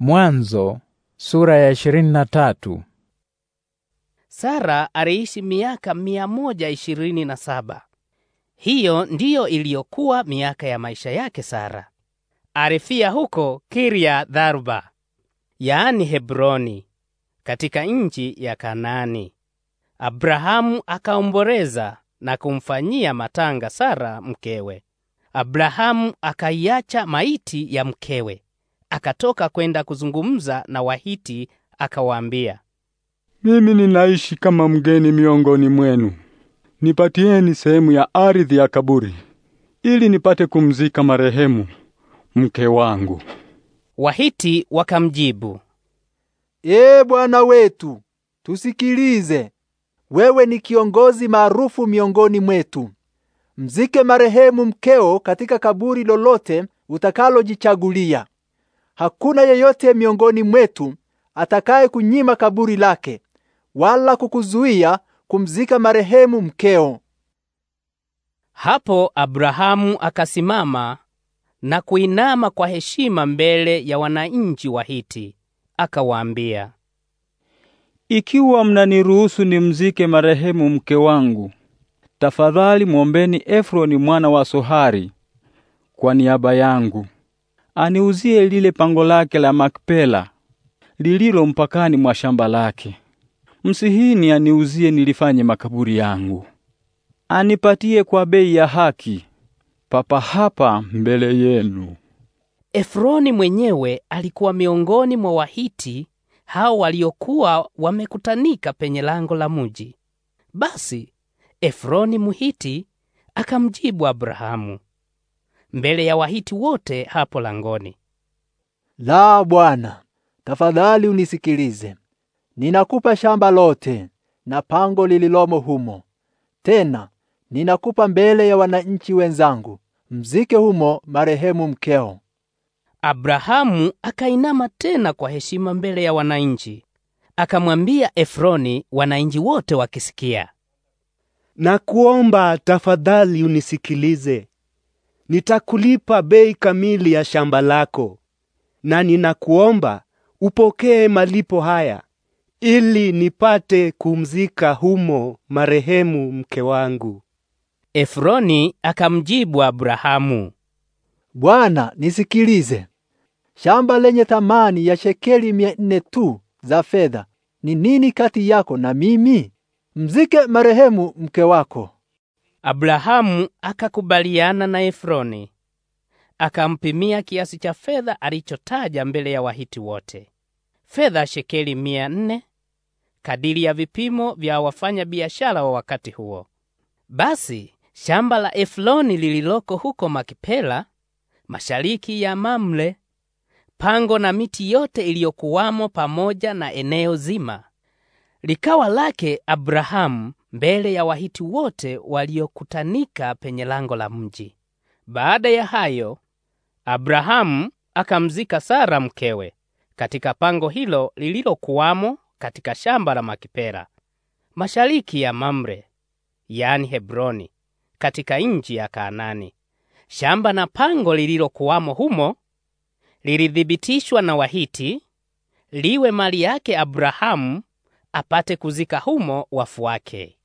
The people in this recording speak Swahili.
Mwanzo sura ya 23. Sara aliishi miaka mia moja ishirini na Hiyo ndiyo iliyokuwa miaka ya maisha yake Sara. Alifia huko Kiria Dharuba, yaani Hebroni, katika nchi ya Kanaani. Abrahamu akaomboleza na kumfanyia matanga Sara mkewe. Abrahamu akaiacha maiti ya mkewe akatoka kwenda kuzungumza na Wahiti, akawaambia, mimi ninaishi kama mgeni miongoni mwenu, nipatieni sehemu ya ardhi ya kaburi ili nipate kumzika marehemu mke wangu. Wahiti wakamjibu, Ee bwana wetu, tusikilize. Wewe ni kiongozi maarufu miongoni mwetu. Mzike marehemu mkeo katika kaburi lolote utakalojichagulia. Hakuna yeyote miongoni mwetu atakaye kunyima kaburi lake wala kukuzuia kumzika marehemu mkeo. Hapo Abrahamu akasimama na kuinama kwa heshima mbele ya wananchi wa Hiti, akawaambia, ikiwa mnaniruhusu nimzike marehemu mke wangu, tafadhali muombeni Efroni mwana wa Sohari kwa niaba yangu aniuzie lile pango lake la Makpela lililo mpakani mwa shamba lake. Msihini aniuzie nilifanye makaburi yangu, anipatie kwa bei ya haki papa hapa mbele yenu. Efroni mwenyewe alikuwa miongoni mwa Wahiti hao waliokuwa wamekutanika penye lango la muji. Basi Efroni Muhiti akamjibu Abrahamu, mbele ya Wahiti wote hapo langoni. La, bwana, tafadhali unisikilize. Ninakupa shamba lote na pango lililomo humo, tena ninakupa mbele ya wananchi wenzangu, mzike humo marehemu mkeo. Abrahamu akainama tena kwa heshima mbele ya wananchi, akamwambia Efroni, wananchi wote wakisikia, nakuomba tafadhali unisikilize nitakulipa bei kamili ya shamba lako, na ninakuomba upokee malipo haya ili nipate kumzika humo marehemu mke wangu. Efroni akamjibu Abrahamu, Bwana, nisikilize. Shamba lenye thamani ya shekeli mia nne tu za fedha ni nini kati yako na mimi? Mzike marehemu mke wako. Abrahamu akakubaliana na Efroni, akampimia kiasi cha fedha alichotaja mbele ya Wahiti wote, fedha shekeli mia nne kadiri ya vipimo vya wafanya biashara wa wakati huo. Basi shamba la Efroni lililoko huko Makipela, mashariki ya Mamre, pango na miti yote iliyokuwamo pamoja na eneo zima likawa lake Abrahamu mbele ya Wahiti wote waliokutanika penye lango la mji. Baada ya hayo, Abrahamu akamzika Sara mkewe katika pango hilo lililokuwamo katika shamba la Makipera mashariki ya Mamre, yani Hebroni, katika nchi ya Kaanani. Shamba na pango lililokuwamo humo lilithibitishwa na Wahiti liwe mali yake Abrahamu apate kuzika humo wafu wake.